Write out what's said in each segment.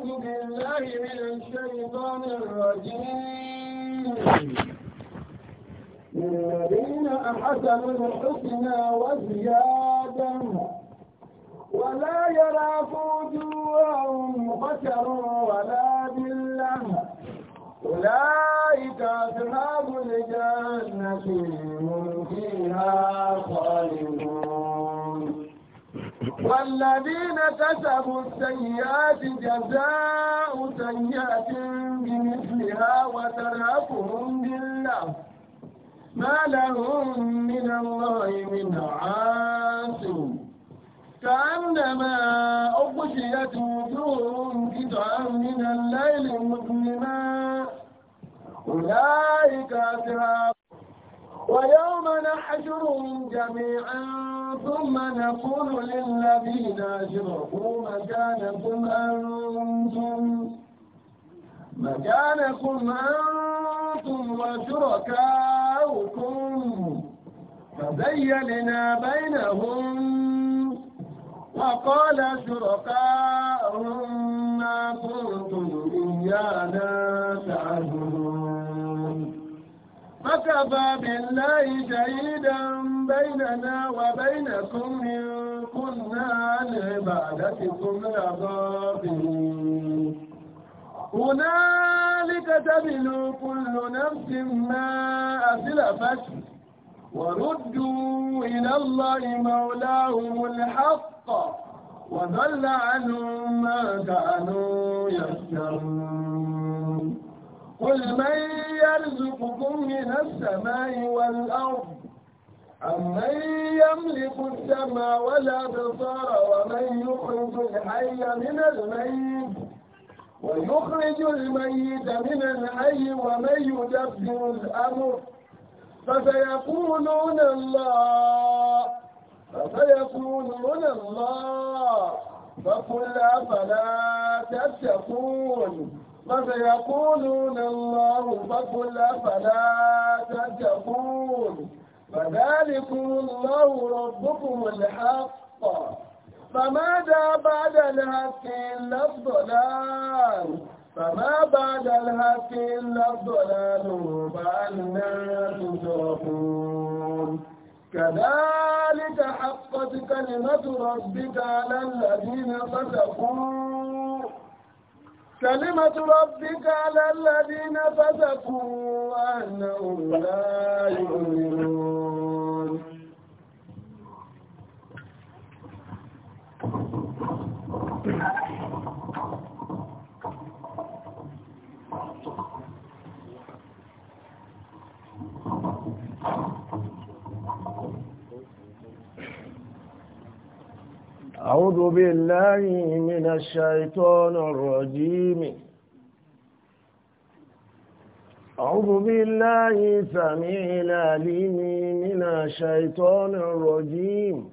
أعوذ بالله من الشيطان الرجيم للذين أحسنوا الحسنى وزيادة ولا يراف وجوههم خشر ولا ذلة أولئك أصحاب الجنة والذين كسبوا السيئات جزاء سيئة بمثلها وترهقهم بالله ما لهم من الله من عاصم كأنما أغشيت وجوههم قطعا من الليل مظلما أولئك أصحاب ويوم نحشرهم جميعا ثم نقول للذين أشركوا مكانكم أنتم مكانكم أنتم وشركاؤكم فزيلنا بينهم وقال شركاؤهم ما كنتم إيانا تعبدون فكفى بالله شهيدا بيننا وبينكم إن كنا عن عبادتكم لغافلين هنالك تبلو كل نفس ما أسلفت وردوا إلى الله مولاهم الحق وضل عنهم ما كانوا يفترون قل من يرزقكم من السماء والأرض أمن يملك السماء ولا بصار ومن يخرج الحي من الميت ويخرج الميت من الحي ومن يدبر الأمر فسيقولون الله فسيقولون الله فقل أفلا تتقون فسيقولون الله فقل أفلا تتقون فذلكم الله ربكم الحق فماذا بعد الحق إلا الضلال فما بعد الحق إلا الضلال فأنا تتركون كذلك حقت كلمة ربك على الذين فسقون كلمة ربك على الذين فسقوا أنهم لا يؤمنون Thank you. أعوذ بالله من الشيطان الرجيم أعوذ بالله سميع العليم من الشيطان الرجيم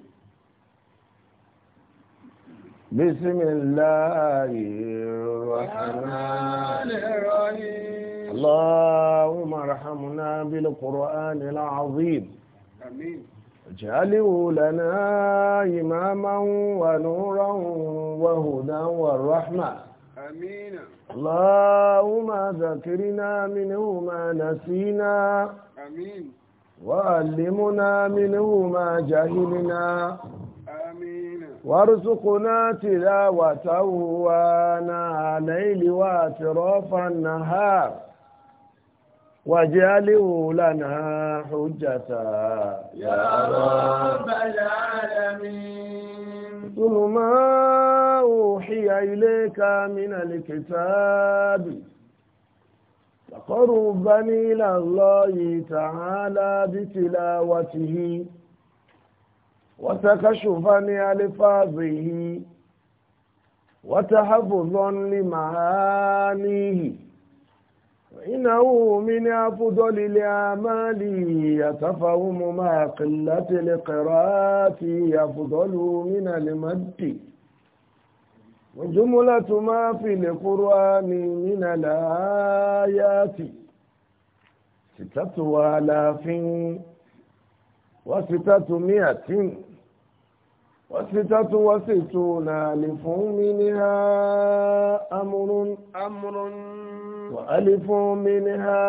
بسم الله الرحمن الرحيم اللهم ارحمنا بالقرآن العظيم آمين واجعله لنا إماما ونورا وهدى ورحمة آمين اللهم ذكرنا منه ما نسينا آمين وعلمنا منه ما جهلنا آمين وارزقنا تلاوته وآناء الليل وأطراف النهار واجعله لنا حجة يا رب العالمين كل ما أوحي إليك من الكتاب تقربني إلى الله تعالى بتلاوته وتكشفني ألفاظه وتحفظا لمعانيه إنه من أفضل الأعمال يتفهم مع قلة القراءة يفضل من المد وجملة ما في القرآن من الآيات ستة آلاف وستة مئة وستة وستون ألف منها أمر أمر وألف منها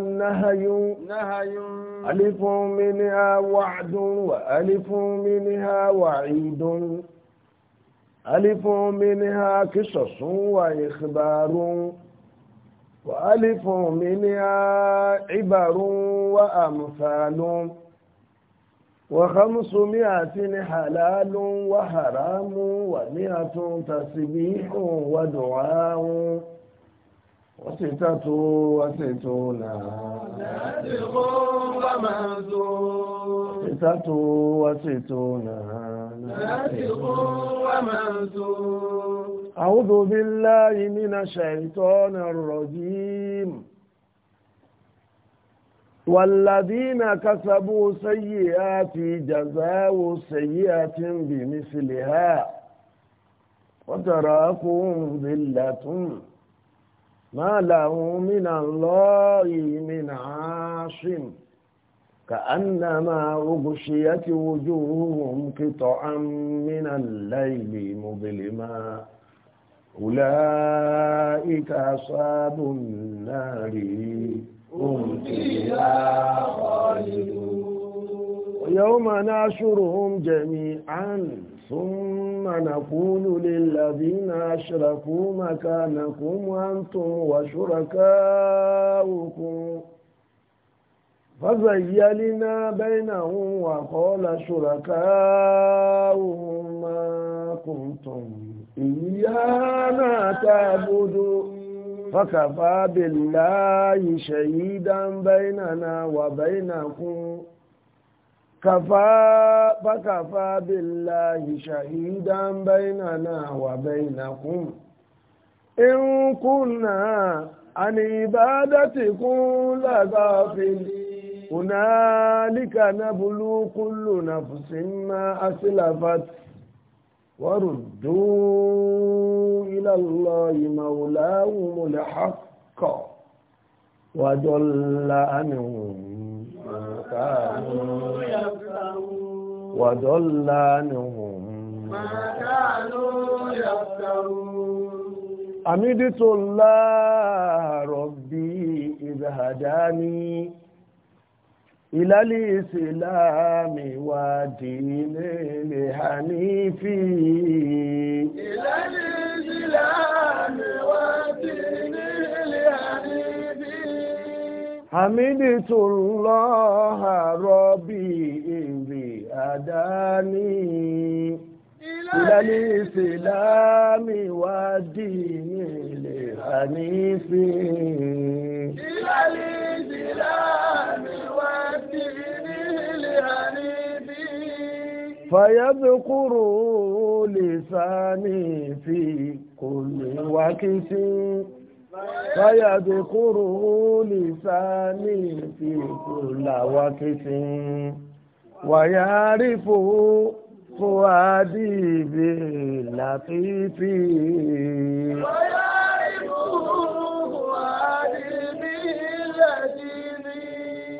نهي نهي ألف منها وعد وألف منها وعيد ألف منها قصص وإخبار وألف منها عبر وأمثال وخمسمائة حلال وحرام ومئة تسبيح ودعاء وستة وستون ناسخ ومنسوخ ستة وستون ناسخ ومنسوخ أعوذ بالله من الشيطان الرجيم والذين كسبوا سيئات جزاء سيئة بمثلها وتراكم ذلة ما له من الله من عاصم كأنما أغشيت وجوههم قطعا من الليل مظلما أولئك أصحاب النار هم فيها خالدون ويوم نعشرهم جميعا ثم نقول للذين أشركوا مكانكم أنتم وشركاؤكم فزيلنا بينهم وقال شركاؤهم ما كنتم إيانا تعبدوا فكفى بالله شهيدا بيننا وبينكم كفى فكفى بالله شهيدا بيننا وبينكم إن كنا عن عبادتكم لغافلين هنالك نبلو كل نفس ما أسلفت وردوا إلى الله مولاهم الحق وجل عنهم ما كانوا وضل عنهم ما كانوا يفترون أمدت الله ربي إذ هداني إلى الإسلام ودين الحنيفي إلى الإسلام ودين حمدت الله ربي إذ هداني إلى الإسلام والدين الحنيف إلى الإسلام والدين الحنيف فيذكر لساني في كل وقت فيذكره لساني في كل وقت ويعرفه فؤادي باللطيف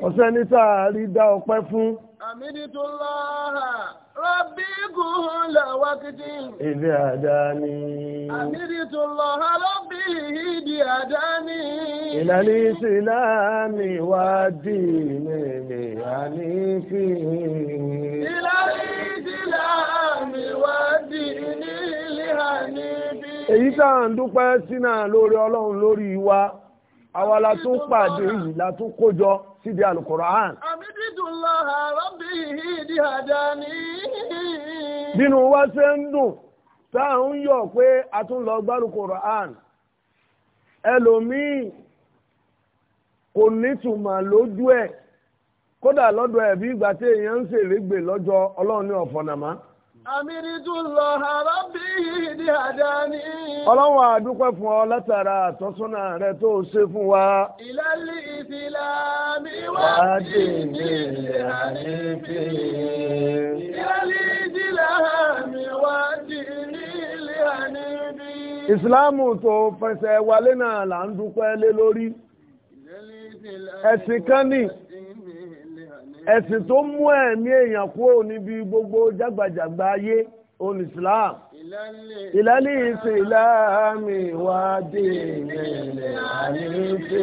ọ̀sẹ̀ ní sáà rí dá ọpẹ́ fún. àmìdítúláhà rọ́bí gùn lọ́wọ́ kìtì. ilé àdáni. àmìdítúláhà rọ́bí. إلى الإسلام والدين حنيفي إلى الإسلام والدين èyí tá à ń dúpẹ́ sínú lórí ọlọ́run lórí wa àwa la tún pàdé yìí la tún kójọ síbi alukoran. àmìdídùnláha bínú ṣe ń dùn tá à ń yọ̀ pé a tún lọ gbálùkọ̀rọ̀ ẹlòmíì kò nítumọ̀ lójú ẹ̀ kódà lọ́dọ̀ ẹ̀ bí ìgbà tí èèyàn ń ṣèrégbè lọ́jọ́ ọlọ́run ní ọ̀fọ̀nàmá. àmìrìtú lọ àrà bí ìdí àdá ni. ọlọ́run fún ọ látara àtọ́sọ́nà rẹ tó o ṣe fún wa. wá sí mi wá sí ìsìláàmù tó fẹsẹ̀ wálé náà là ń dúpẹ́ lé lórí ẹ̀sìn kan ní ẹ̀sìn tó mú ẹ̀mí èèyàn kúrò níbi gbogbo jágbàjàgbà ayé òun islam ìlàlí ìsìláàmì wà dé ilẹ̀ àyíké.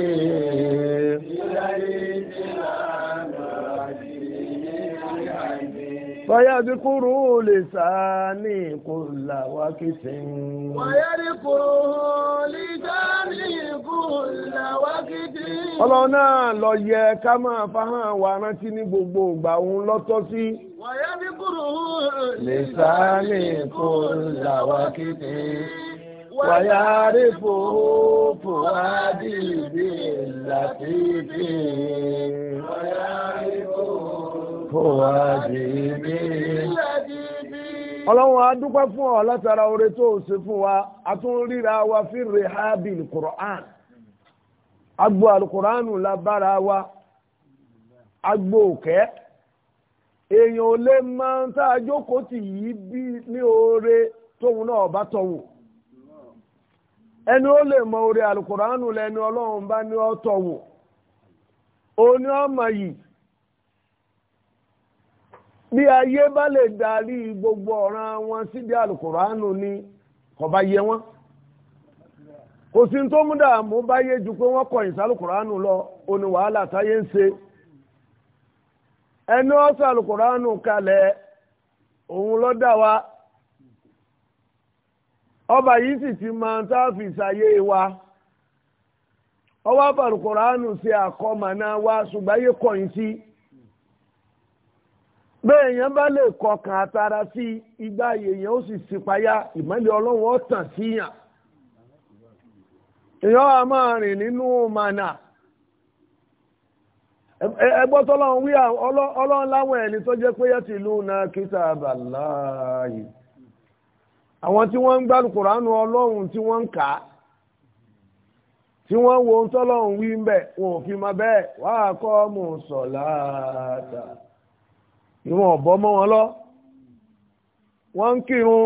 فيذكروا لساني كل وقت ويذكروا لساني كل وقت ọlọ́run náà ló yẹ ká máa fáhàn wa rántí ní gbogbo ìgbà òun lọ́tọ́ sí. ويذكروا لساني كل وقت ويعرفه فؤادي باللطيف ويعرفه ọlọ́run a dúpẹ́ fún ọ látara oore tó o ṣe fún wa a tún ríra wa fi rehabil quran agbo alukuranu labára wa agbo òkè èèyàn ò lè máa ń tá a jókòó tì yí bí ní oore tóun náà bá tọ̀wò ẹni ó lè mọ oore alukuranu lẹni ọlọ́run bá ní ọ tọ̀wò òun ni ọ yìí. bí ayé bá lè darí gbogbo ọ̀ràn wọn síbi alukùránù ni ọba yẹ wọn kò sí tó mú dààmú bá yé ju pé wọ́n kọ̀yìn sálùkùránù lọ òní wàhálà táyé ń ṣe ẹni ó kalẹ̀ òun lọ wa ọba yìí sì ti máa ń táàfì wa ọwọ́ àbàlùkùránù ṣe wa ṣùgbọ́n ayé kọ̀yìn bẹ́ẹ̀ èèyàn bá lè kọkàn àtara sí igbá èèyàn ó sì ṣípayá ìmọ́lẹ̀ ọlọ́run tàn síyàn èèyàn á máa rìn nínú mànà ẹgbọ́ tọ́lọ́run wí ọlọ́run láwọn ẹni tó jẹ́ pé yẹ́tì ìlú na kíta bàláàyè àwọn tí wọ́n ń gbá Kùránù ọlọ́run tí wọ́n ń wo tọ́lọ́run wí ń bẹ̀ wọn ò fi bẹ́ẹ̀ kọ́ mọ̀ ìwọ̀n ọ̀bọ mọ́ wọn lọ wọ́n ń kírun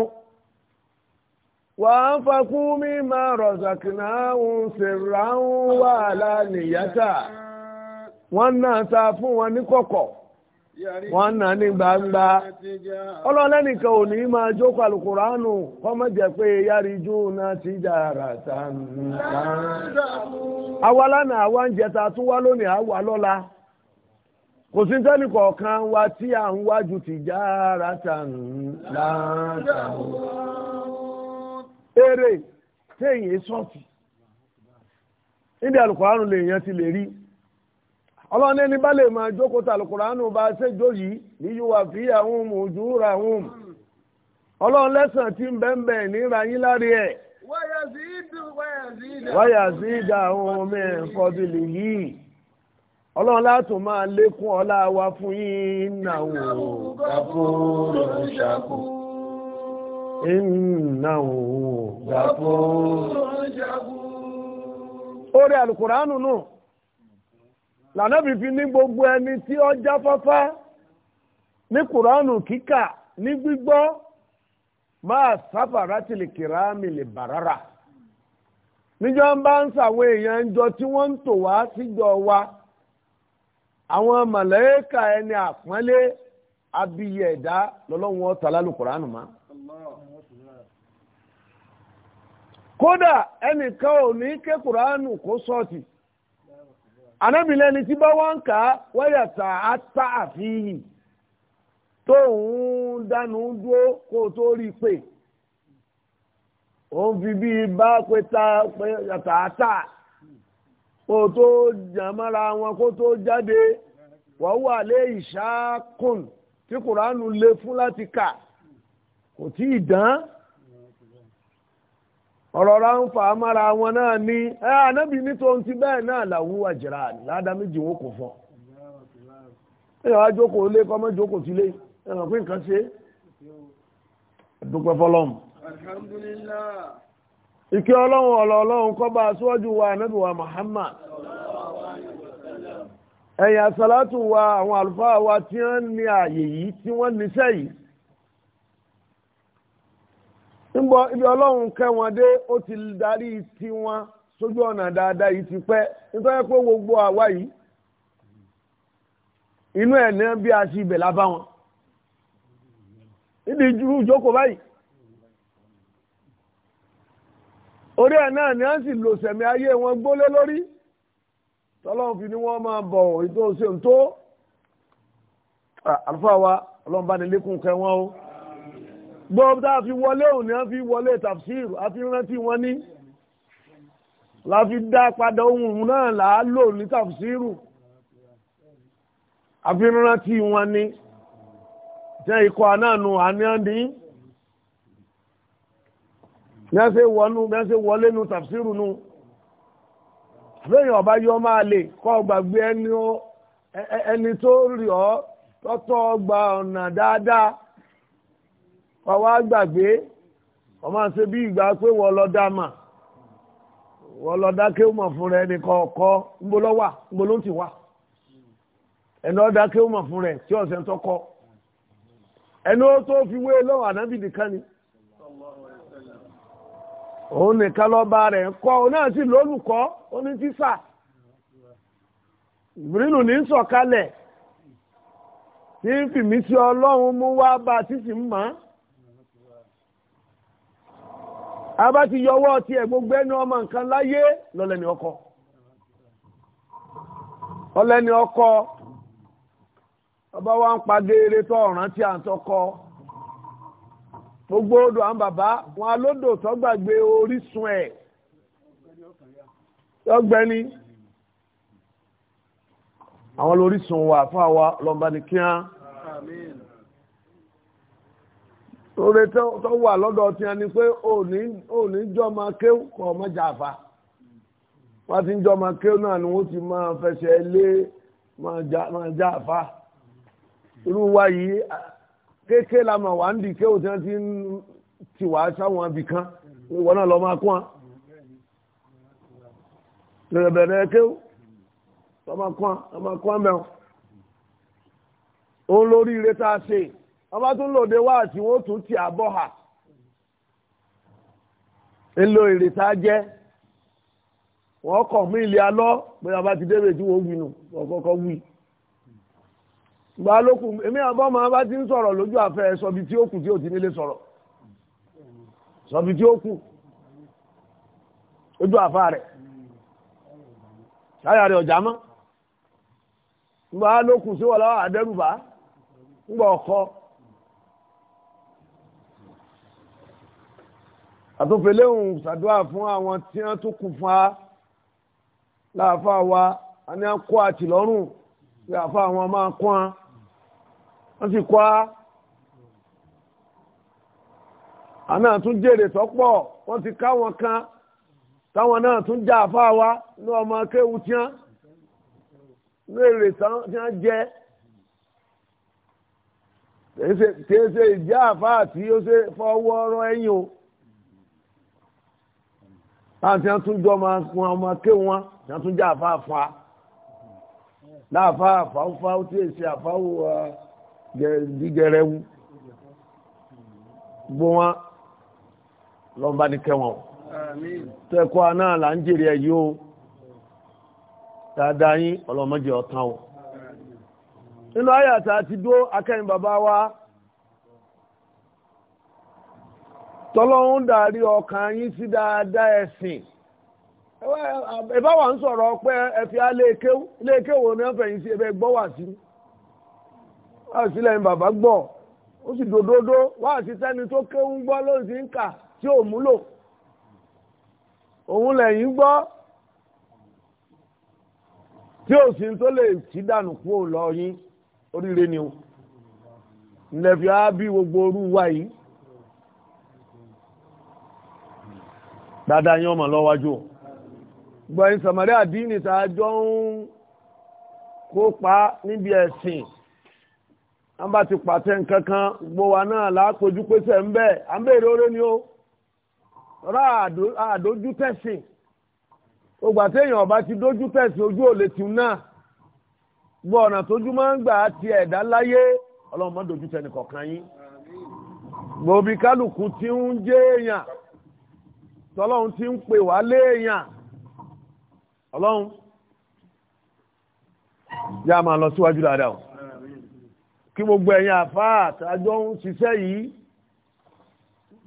wà á fakú mi máa rọ̀ṣàkìnà ń ṣèrà ń wà lálẹ́yàtà wọ́n náà ta fún wọn ní kọ̀kọ̀ wọ́n náà ní gbangba ọlọ́lẹ́nìkan ò ní máa jókòó alukóránù kọ́mọ̀jẹ̀ pé náà ti dára tán. àwa lánàá àwa ń jẹta tún wá lónìí àwa lọ́la. kò sí sẹ́ni wa tí à ń wájú tìjára tàn láǹtàn. èrè téèyàn sọ́ọ̀tì níbi àlùkòránù lèèyàn ti lè rí ọlọ́run ẹni bá lè máa jókòó ta àlùkòránù bá ṣèjọ́ yìí ní yíwà fi àwọn ohun ojú ra àwọn ohun ọlọ́run tí ń bẹ́ẹ̀ yín lárí ẹ̀ wáyà sí àwọn ọmọ ọlọ́run látún máa lékún ọlá wa fún yín náwó gàfóró ṣàkó. ìnáwó gàfóró ṣàkó. orí alukùránù náà lànàbì fi ní gbogbo ẹni tí ó jáfáfá ní kùránù kíkà ní gbígbọ́ máa sáfàrà tìlì kìrámì lè bàrárà níjọ́ ń bá ń sàwọn èèyàn ń jọ tí wọ́n ń tò wá síjọ wa. Si àwọn màláíkà ẹni àpọ́nlé abiyẹ ẹ̀dá lọ́lọ́wọ́ tàlá lùkùránù ma kódà ẹnìkan ò ní ké kùránù kó sọ́ọ̀tì anábìlẹ́ni tí bá wá ń kà á wáyà tà á tá àfihì tó ń dánú dúó kó tó rí pé òun fi bí bá pé tá á tà á. kó tó jàmára wọn kó tó jáde wọ́n wà lé tí kùránù lè fún láti kà kò tí ì dán ọ̀rọ̀ ra ń fa amára wọn náà ní ẹ ànábì nítorí tòun ti bẹ́ẹ̀ náà làwọn àjẹrà ládàá wọn kò wá jókòó lé kọ́mọ́ jókòó ìkẹ́ ọlọ́run ọ̀lọ́ ọlọ́run kó bá aṣíwájú wa ànábì wa Muhammad ẹ̀yìn àsàlátù wa àwọn àlùfáà wa tí wọ́n ní ààyè yìí tí wọ́n níṣẹ́ yìí níbo ibi ọlọ́run kẹwọn dé ó ti darí tiwọn sójú ọ̀nà dáadáa yìí ti pẹ́ nítorí pé gbogbo àwa yìí inú ẹ̀ ní bí a ṣe ibẹ̀ lábá wọn níbi ìjókòó báyìí orí ẹ̀ náà ni a ń sì lò sẹ̀mí ayé wọn gbólé lórí tọ́lọ́run fi ni wọ́n máa bọ̀ ètò òṣèlú tó ah, àlùfáà wa ọlọ́run bá ní lékún kẹ wọn o gbọ́dọ̀ tá a fi wọlé òun ni a fi wọlé tafsir a fi rántí wọn ní la fi dá padà ohun náà là á lò ní tafsiru a fi rántí wọn ní jẹ́ ikọ̀ àná nu àníyàn bí wọ́n ṣe wọnú bí wọ́n ṣe wọlé nu tafsiru nu ọba yọ máa lè kọ́ ẹni tó rí ọ tọ́tọ́ gba ọ̀nà dáadáa kọ́ gbàgbé wọ́n máa ṣe bí ìgbà pé wọ́n lọ dá mà wọ́n lọ dá kí ó mọ̀ fún rẹ nìkan wà òun nìkan lọ́ba rẹ̀ ń kọ́ òun náà sì lólùkọ́ oní tíṣà ìbírínù ní sọ̀kalẹ̀ tí ń fìmí sí ọlọ́run mú wá bá a sì sì ń mọ̀ á bá ti yọwọ́ tiẹ̀ gbogbo ẹni ọmọ nǹkan láyé lọ́lẹ́ni ọkọ ọlẹ́ni ọkọ ọba wa ń pa géere tó ọ̀ràn tí à ń gbogbo odò àwọn bàbá wọn alódò tó gbàgbé orísun ẹ̀ ọgbẹ́ni àwọn lórísun wà fún àwa lọ́nba ní kíá oore tó wà lọ́dọ̀ tí a ní pé òní jọmọ kéw kọ̀ ọmọ jàfa wọ́n ti ń jọmọ kéw náà ni wọ́n ti máa fẹsẹ̀ lé máa jàfa irú wa yìí kéèké la ma wà ń di ti ti wà sáwọn abì kan ìwọ náà lọ máa kún wa lọ́dọ̀ bẹ̀rẹ̀ kéwù lọ máa kún wa lọ máa kún wa ire tá a ṣe ọba tún lòde wá àti wọn tún ti àbọ̀ hà ńlò ire tá a jẹ́ wọ́n kọ̀ mí ilé bá ti débè tí wọ́n wí nù wí. gbà lókun èmi àbọ̀ máa bá ti ń sọ̀rọ̀ lójú àfẹ́ sọbi tí ó kù tí ò ti nílé sọ̀rọ̀ sọbi tí ó kù lójú àfá rẹ̀ ṣáyà rẹ̀ ọ̀já mọ́ gbà lókun sí wọ́n lọ́wọ́ àdẹ́rùbá ń gbọ́ ọkọ àtúnfẹ́lẹ́hùn ṣàdúrà fún àwọn tí wọ́n tún kù fún wa láàfáà wa a ní à ń kó àtìlọ́rùn láàfáà wọn máa kó wọn wọ́n sì kọ́ á àná tún jèrè tọ́pọ̀ wọ́n ti káwọn kan táwọn náà tún já àfáà wa ní ọmọ akéwu tíá ní èrè tíá jẹ́ kìí ṣe ìjá àfáà tí ó ṣe fọwọ́ ọ̀rọ̀ ẹ̀yìn o láti àtúnjọ ọmọ akéwu wọn tí wọ́n tún já àfáà fa láàfáà fáwọ́fáwọ́ tí èsì àfáwọ́ wa. Uh, jíjẹrẹ wú gbó ní kẹwọn tẹ́kọ́ náà là ẹ̀yí o dáadáa yín ọlọ́mọdé ọ̀tán o nínú àyàtà ti dúró akẹ́yìn bàbá wa tọ́lọ́hún dàrí ọkàn yín sí dáadáa ẹ̀sìn ń sọ̀rọ̀ ní sí gbọ́wà sí i. wáàsí lẹ́yìn bàbá gbọ́ ó sì dòdòdó wáàsí sẹ́ni tó kéwú gbọ́ ló sì ń kà tí ò múlò òun lẹ́yìn gbọ́ tí ò sí tó lè ti dànù kú ò lọ yín oríire ni o ńlẹ̀ fi á bí gbogbo orú wa yìí dáadáa yín ọmọ lọ́wájú o jọ ń kópa níbi an bá ti pàṣẹ nǹkan kan gbogbo wa náà láàpọ̀jù pèsè ń bẹ́ẹ̀ à ń oore ni o rà àdójú ògbà ọba ti dójú oju ojú ti tì náà gbọ́ ọ̀nà tójú máa ti ẹ̀dá láyé ọlọ́run má dojú yín ti ń jẹ́ èèyàn tọ́lọ́run ti ń pè wá léèyàn ọlọ́run yá lọ síwájú dáadáa kí gbogbo ẹ̀yin àfáà àtàjọ ń ṣiṣẹ́ yìí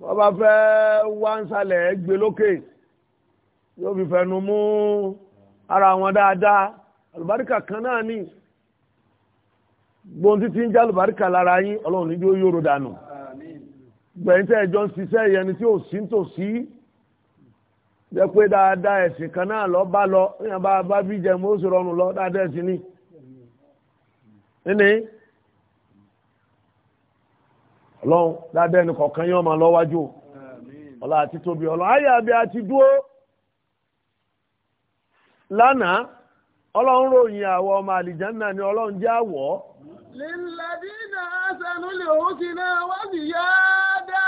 wọ́n bá fẹ́ wá ń salẹ̀ gbé lókè yóò fi fẹnu mú ara wọn dáadáa àlùbáríkà kan náà ni gbóhùn títí ń já àlùbáríkà lára yín ọlọ́run níbi ó yòrò dànù gbẹ̀yìn tẹ́ ẹjọ́ ń ṣiṣẹ́ ìyẹn ni tí ò sí tòsí jẹ́ pé dáadáa ẹ̀sìn kan náà lọ bá lọ ìyẹn bá bí jẹ́ ó sì rọrùn lọ dáadáa ẹ̀sìn ni. ọlọ́run lábẹ́ ẹni kọ̀ọ̀kan yóò máa lọ́wájú ọlá àti tóbi ọlọ́run ayé àbí àti dúró lánàá ọlọ́run ròyìn àwọ̀ ọmọ àlìjánná ni ọlọ́run jẹ́ àwọ̀. lílàdínà sanúlẹ̀ òun ti náà wá sí yá dá.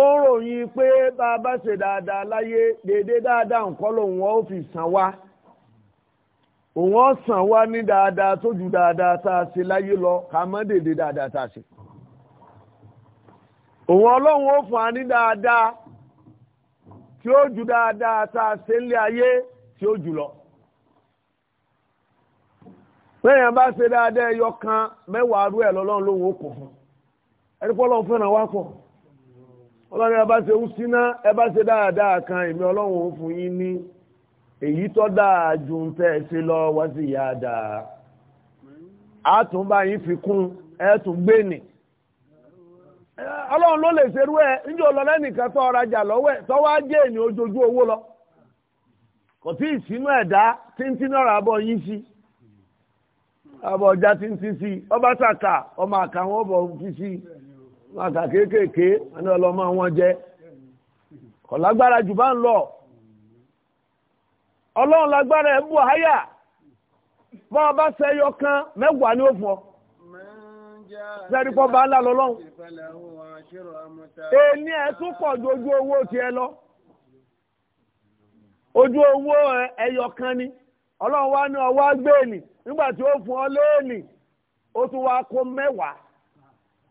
ó ròyìn pé bá a bá ṣe dáadáa láyé dédé dáadáa nǹkan lòun ó fi san wá òun ó sàn wá ní dáadáa tó ju dáadáa tá a ṣe láyé lọ kà má dédé dáadáa tá a ṣe. òun ọlọ́run ó fún wa ní dáadáa tí ó ju dáadáa tá a ṣe nílé ayé tí ó jù lọ. lẹ́yìn bá ṣe dáadáa ẹyọ kan mẹ́wàá rú ẹ̀ lọ́lọ́run lòun ó kọ̀ fún ẹni pọ́ lọ́run fẹ́ràn wá pọ̀ ọlọ́run ẹ bá ṣe ń síná ẹ bá ṣe dáadáa kan èmi ọlọ́run ó fún yín ní èyí tó dáa ju ń tẹ́ ẹ ṣe lọ wá sí ìyá dáa. a tún bá yín fi kún ẹ tún gbé nì. Eh, ọlọ́run ló lè ṣerú ẹ̀ níjẹ́ ò lọ lẹ́nìkan tó ọrajà lọ́wọ́ ẹ̀ tó wá jẹ́ ojoojú owó lọ kò tí ì sínú ẹ̀dá títí náà rà bọ̀ yín sí àbọ̀ ọjà títí sí ọba sàkà ọmọ àkàwọn ọbọ̀ fi sí ọmọ àkà kéékèèké ẹni ọlọ́mọ wọn jẹ́ kò lágbára jù bá ń lọ ọlọ́run lágbára ẹ̀ bù háyà bá ọba sẹ́yọ kan mẹ́wàá ni ó fọ́ sẹ́ríkọ́ bá ńlá lọ́lọ́run. èmi ẹ̀ tún pọ̀ ju ojú owó tiẹ̀ lọ. ojú owó ẹyọ kan ni ọlọ́run wá ní ọwọ́ agbéèlì nígbà tí ó fún ọ léèlì ó tún wá kó mẹ́wàá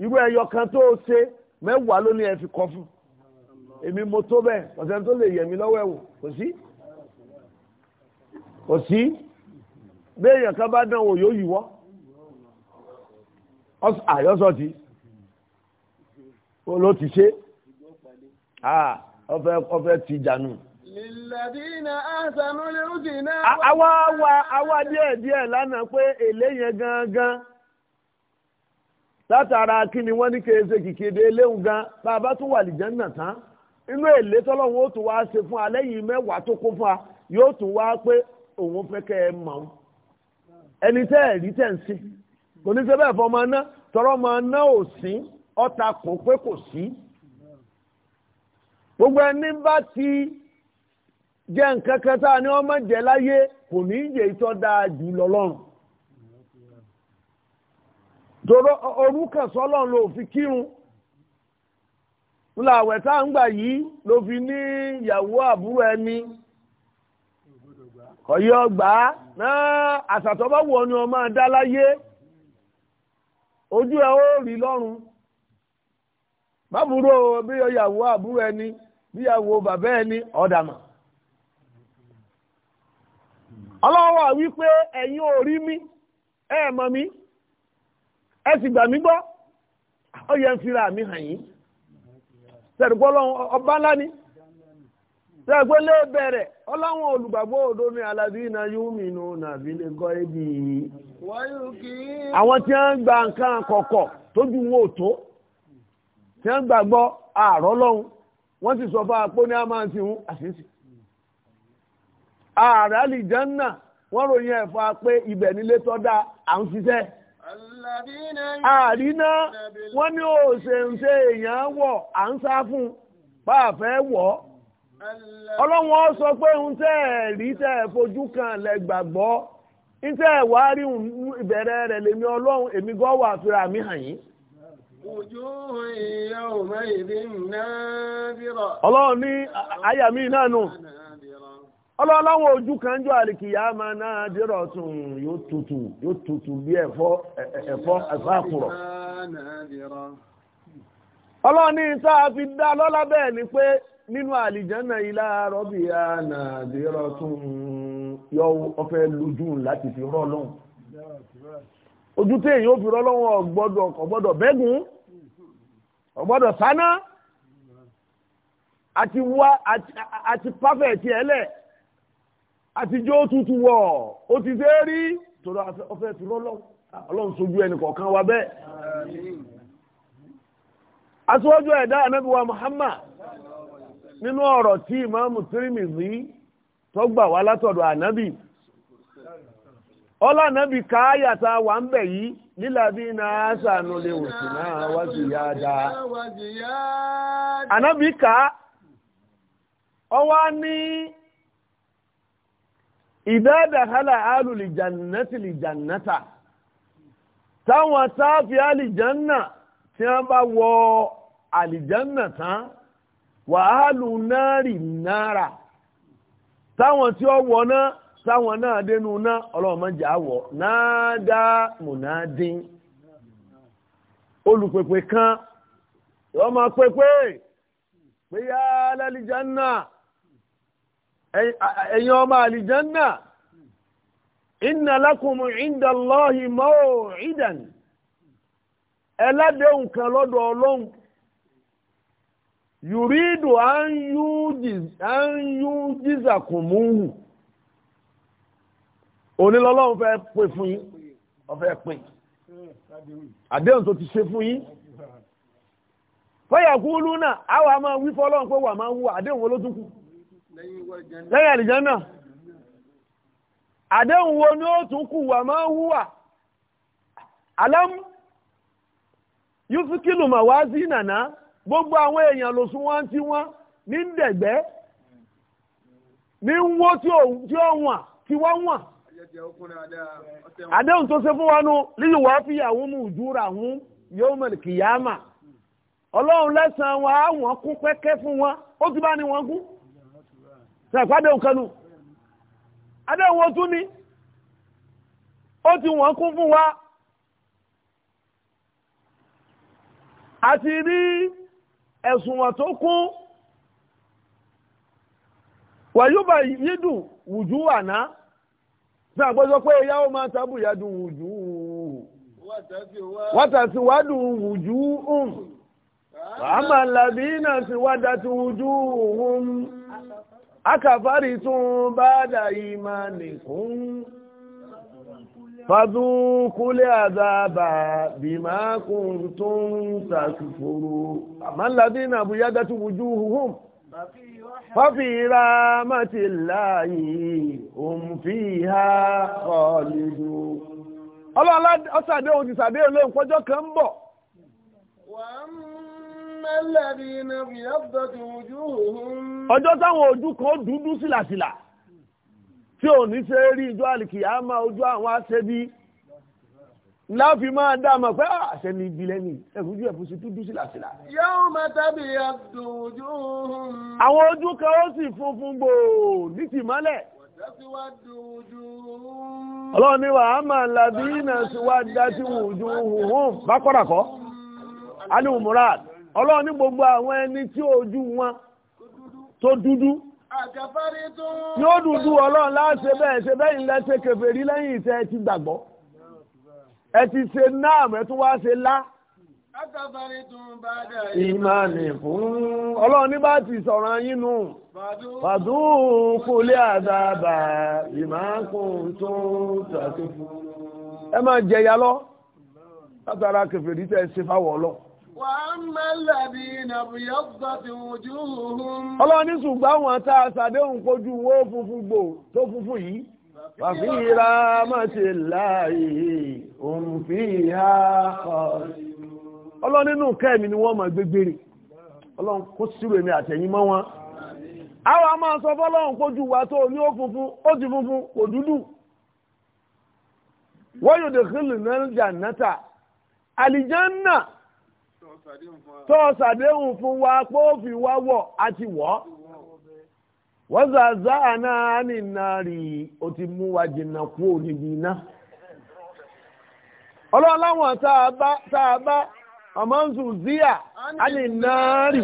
irú ẹyọ kan tó o ṣe mẹ́wàá ló ní ẹ fi kọ fún èmi mo tó bẹ́ẹ̀ ọ̀sẹ̀ tó lè yẹ̀ mí lọ́wọ́ ẹ̀wò kò sí kò sí béèyàn kan bá dán wò yóò yíwọ́ àyọ́sọ̀tì ah, ló ti ṣe ọfẹ ah, ọfẹ ti jànú. Lìlàdínà àṣàmúlẹ̀ òsì náà. Àwa wa àwa díẹ̀ díẹ̀ lánàá pé èlé yẹn gangan látara kí ni wọ́n ní kéèsè kìkéde eléhùn gan bá a bá tún wà lìjẹ́ nà tán inú èlé tọ́lọ́hún ó tún wá ṣe fún alẹ́ yìí mẹ́wàá tó kún fún wa yóò tún wá pé òun fẹ́ kẹ́ ẹ mọ̀ ọ́n ẹni tẹ́ ẹ̀ rí tẹ̀ ń sìn kò ní ṣe fọmọ náà tọrọ ma náà ò sí ọta kò pé kò sí gbogbo ẹni bá ti jẹ nǹkan kan ní ọmọ jẹ́ láyé kò ní í ìtọ́ dáa jù lọ́lọ́run tọrọ orúkàn sọlọ́run ló fi kírun tá à ń gbà yìí ló fi ní ìyàwó àbúrò ẹni gbà á ojú ẹ ó rí lọ́rùn bábúrò bí ìyàwó àbúrò ẹni bí ìyàwó bàbá ẹni ọ̀dàmọ̀ ọlọ́wọ́ wípé ẹ̀yin ò rí mi ẹ mọ̀ mi ẹ sì gbà mí gbọ́ ó yẹ ń fira mi hàn yín sẹ̀rùpọ̀ ọlọ́run ọba ńlá ni. sẹ́gbélé bẹ̀rẹ̀ ọlọ́wọ́n olùgbàgbọ́ òdo ní alábí iná na mìíràn nàbí lè gọ́ àwọn tí wọ́n gba nǹkan kọ̀kọ̀ tójú wọn ò tó tí wọ́n gbàgbọ́ àárọ̀ lọ́hùn wọ́n sì sọ fún apó ní ń àṣìṣe ààrẹ wọ́n ròyìn ẹ̀ fún ibẹ̀ nílé tọ́ da à ń ṣiṣẹ́ àríná wọ́n ní òṣèǹṣe èèyàn wọ̀ à ọlọ́wọ́n sọ pé ń tẹ́ rí tẹ́ ẹ̀ fojú kan lẹ gbàgbọ́ ń tẹ́ ẹ̀ rí ìbẹ̀rẹ̀ rẹ̀ lèmi ọlọ́run èmi gan wà fira mi hàn yín. ojú ìyá òmà ìdí náà bírọ̀. ọlọ́run ní àyà mi náà nù ọlọ́láwọn ojú kan jọ àríkìyà máa ná dírọ̀ tún yóò tutù yóò tutù bí ẹ̀fọ́ ẹ̀fọ́ àkùrọ̀ ọlọ́ni tá a fi dá lọ́lá bẹ́ẹ̀ ni pé nínú àlìjánà ilá rọ́bì àná àdìrọ̀ tún yọ ọfẹ́ lójú láti fi rọ́ lọ́hùn ojú tí èyí ó fi rọ́ lọ́hùn ọ̀gbọ́dọ̀ ọ̀gbọ́dọ̀ bẹ́gùn ọ̀gbọ́dọ̀ sáná àti wá àti pàfẹ́ẹ̀tì ẹ̀lẹ̀ àti jó tutù wọ̀ ó ti dé rí tòrọ ọfẹ́ fi rọ́ lọ́hùn ọlọ́run sojú ẹnì kọ̀ọ̀kan wa bẹ́ẹ̀ aṣíwájú ẹ̀dá anábíwá Muhammad nínú ọ̀rọ̀ tí ìmáàmù Tirmidhi tó gbà wá látọ̀dọ̀ ànábì ọlá ànábì káyàtà wà ń bẹ̀ yìí lílàbí náà sànú lè wòsì náà wá sí yá dáa ànábì ká ọwá ní ìdádàhálà alùlìjànàtì lìjànàtà táwọn sáfì alìjànà tí wọ́n bá wọ àlìjànà tán wàhálù náírì náírà táwọn tí ó wọ náà táwọn náà dénú náà ọlọ́run má jà wọ̀ náàdá kan yọ máa pèpè pé yá lálìjánà ẹ̀yin ọmọ àlìjánà inna lakum inda Allahi maw'idan yuridu an yú jíza kùn mú wù onílọ́lọ́run pe pè fún yín ọ̀fẹ́ tó ti ṣe fún yín fẹ́yà kú lúnà àwọn a máa wí pé wà máa wú àdéhùn wo ló tún kù lẹ́yìn ni ó tún wà máa wú wà alámú gbogbo àwọn èèyàn ló sún wọn tí wọn ní dẹ̀gbẹ́ ní ń tí ó tí wọ́n wọ̀n. àdéhùn tó ṣe fún wa nú líyìn wá fi àwọn ọmọ kìyàmà ọlọ́run lẹ́sàn-án wọn kún pẹ́kẹ́ fún wọn ó ti bá wọn kún àdéhùn wọn ti wọn kún fún wa àti rí. ẹ̀sùn wọn tó kún wàyúbà yídùn wùjú wà ná sí àgbọ́sọ pé ìyáwó máa tábù yádùn wùjú wátàsí wádùn wùjú ùm wàhámà làbí náà sí wádàtí wùjú ùm akàfàrí tún bá dà ìmà nìkún. fadúkúlé àdábà bí máa kún tó ń tàkìfòrò àmàlàdé náà bú yá dátú wùjú hùhùn fọ́fí ra mọ́tí fi ha sàdé olóhùn pọ́jọ́ kan ń ọjọ́ táwọn ojú kan dúdú sílàsílà tí ò ní ṣe rí ìjọ àlìkì á máa ojú àwọn aṣẹ́bí láfi máa dáàmà pé ah, àṣẹ ní ibi lẹ́nu ẹ̀fújú ẹ̀fúsí tó dú sílàsílà. yóò má tàbí àtòjú. àwọn ojú kan ó sì funfun gbòò ní tìmọ́lẹ̀. ọlọ́run ní wàá máa làbí iná síwájá tí wùjú hùhùn bá kọ́ra kọ́. alihu murad ọlọ́run ní gbogbo àwọn ẹni tí ojú wọn tó dúdú yóò dúdú ọlọ́run láṣẹ bẹ́ẹ̀ ṣe bẹ́yìn lẹ́ṣẹ̀ kèfèrí lẹ́yìn ìṣe ẹ ti gbàgbọ́ ẹ ti ṣe náà ẹ tún wá ṣe lá. ìmánì fún ọlọ́run ní bá ti sọ̀rọ̀ yín nù fàdúhùn kúlé àdàbà ìmáàkùn tó tàṣe fún. ẹ máa jẹyà lọ látara kèfèrí tẹ ṣe fáwọ ọlọ́run. Ọlọ́ni ṣùgbọ́n wọn tá a ṣàdéhùn kojú wó funfun gbò tó funfun yìí. Wàfí ra máa ṣe láàyè, òun fi ha ọlọ́ni nù kẹ́ẹ̀mí ni wọ́n máa gbégbére. Ọlọ́run kó sírò èmi àtẹ̀yìn mọ́ wọn. Àwọn a máa sọ fọ́lọ́run kojú wa tó ní ó funfun, ó ti funfun, kò dúdú. Wọ́n yóò dèkìlì náà jà náà ta. Àlìjánà tó ṣàdéhùn fún wa pé ó fi wá wọ̀ àti wọ́ wọ́n zàzá àná ànínà rí o ti mú wa jìnnà kú òdìdì iná ọlọ́láwọ̀n tá a bá ọmọ ń sùn síyà ànínà rí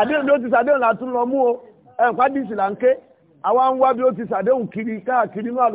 àdéhùn ló ti ṣàdéhùn látún lọ mú o ẹ̀ǹkádìsì là ń ké ń wá bí ó ti ṣàdéhùn kiri káàkiri ní al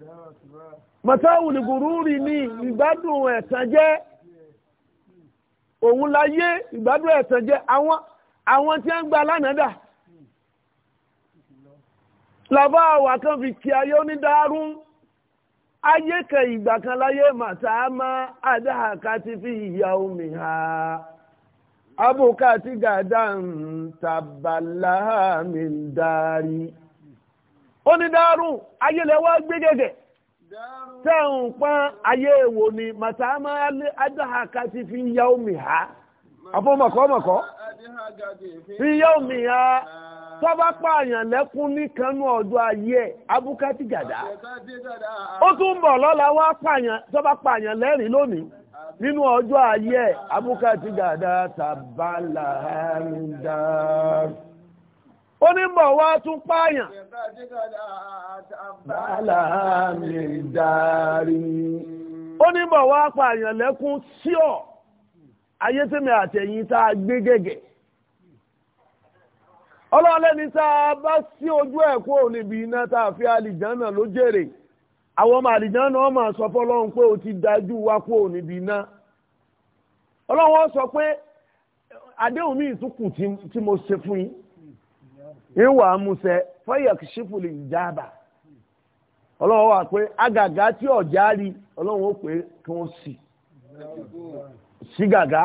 mọ̀táwùlì gùrúùrì ni ìgbádùn ẹ̀tàn jẹ́ òun láyé ìgbádùn ẹ̀tàn jẹ́ àwọn àwọn tí ń gba lánàádà làbá àwà kan fi kí ayé onídàárú ayé kẹ ìgbà kan láyé ti fi ìyá omi ha abuka ti gàdá ń mi ń darí onídàárú ayé lẹ́wọ́ tẹ́hùn pán ayé èwò ni màtá máa adáhàká ti fi yá omi ha àfọ́mọ̀kọ́mọ̀kọ́ fi yá omi ha tọ́bá pààyàn lẹ́kún ní kanú ayé ẹ̀ gàdá ó tún bọ̀ lọ́la wá tọ́bá pààyàn lónìí nínú ọjọ́ ayé ẹ̀ abúkátí gàdá tàbálà ń ó wa tún pààyàn. ó ní bọ̀ pààyàn lẹ́kún sí ọ̀ ayé tí mi àtẹ̀yìn tá a gbé gẹ́gẹ́ ọlọ́ọ̀lẹ́ni tá a bá sí ojú ẹ̀kọ́ níbi iná tá a fi àlìjánà ló jèrè àwọn ọmọ àlìjánà wọn máa sọ pé o ti dájú wá kó o níbi iná sọ pé àdéhùn mi ìtúkù tí mo ṣe fún yín ìwà amúṣẹ fọyọk ṣífùlì ìjábà ọlọ́run wà pé tí ọ̀já rí ọlọ́run ó pé kí wọ́n sì sí gàgà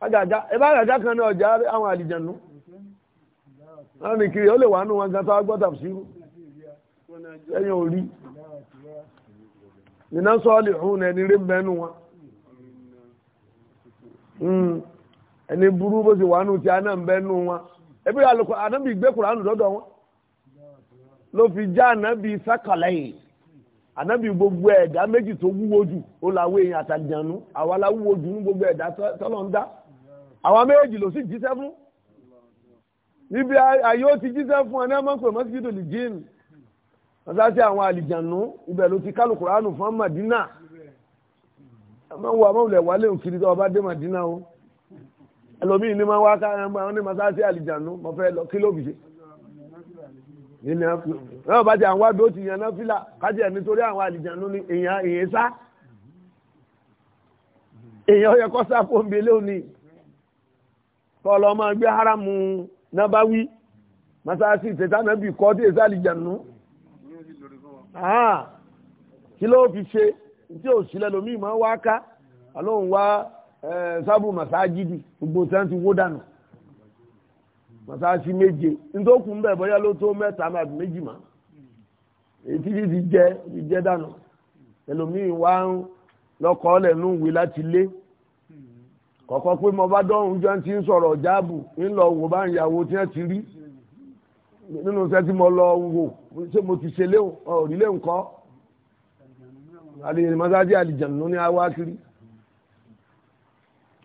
kan ní ọ̀já àwọn àlìjẹ̀nu láwọn ìkiri ó lè wà nù wọn gan tó wá gbọ́dọ̀ sí ẹ̀yìn orí iná sọ́ọ̀lì ọ̀hún ẹni rí wọn hmm. ẹni burú bó ṣe wà nù tí a náà wọn. ebi alukọ anabi gbé kuranu lọ́dọ̀ wọn ló fi já anabi sakalẹyìn anabi gbogbo ẹ̀dá méjì tó wúwo jù ó la wé yẹn àtàlìjànú àwa la wúwo jù ní gbogbo ẹ̀dá tọlọ ń dá àwa méjì ló sì jíṣẹ́ fún níbi ayé ó ti jíṣẹ́ fún ẹni ọmọ pé mọsíkítò lè jíìn mọsáàsì àwọn àlìjànú ibẹ̀ ló ti kálu kuranu fún Madina ẹ wo àwọn olè wálé òkiri tó ọba dé Madina o. ẹlòmíì ni máa wá káyọ̀ máa ní masáàsì àlìjànú mo fẹ́ lọ kí ló fi ṣe. náà bá ti àwọn wá ti yan náà fílà kájí ẹ̀ nítorí àwọn àlìjànú ni èèyàn èèyàn sá èèyàn yẹ kọ́ sá fún mi lónìí kọ́ máa gbé haramu náà masáàsì tètánà bì kọ́ dé fi ṣe tí ò sílẹ̀ lómi máa wá sábù màsájídì gbogbo tí wọ́n ti wó dànù màsájí méje nítòkù ń bẹ̀ bóyá ló tó mẹ́ta máa méjì mà èyí tí ti jẹ́ ti jẹ́ dànù ẹlòmíì wá ń lọ́kọ́ ọ̀lẹ̀ ń wí láti lé kọ̀kọ́ pé mo bá dọ́hùn jọ ti ń sọ̀rọ̀ jáàbù ń wò bá ń yàwó tí wọ́n ti rí nínú iṣẹ́ tí mo lọ wò ṣé mo ti ṣe léwu ọ̀rí léwu kọ́ àlejò màsájí àlìjànú ní awá kiri.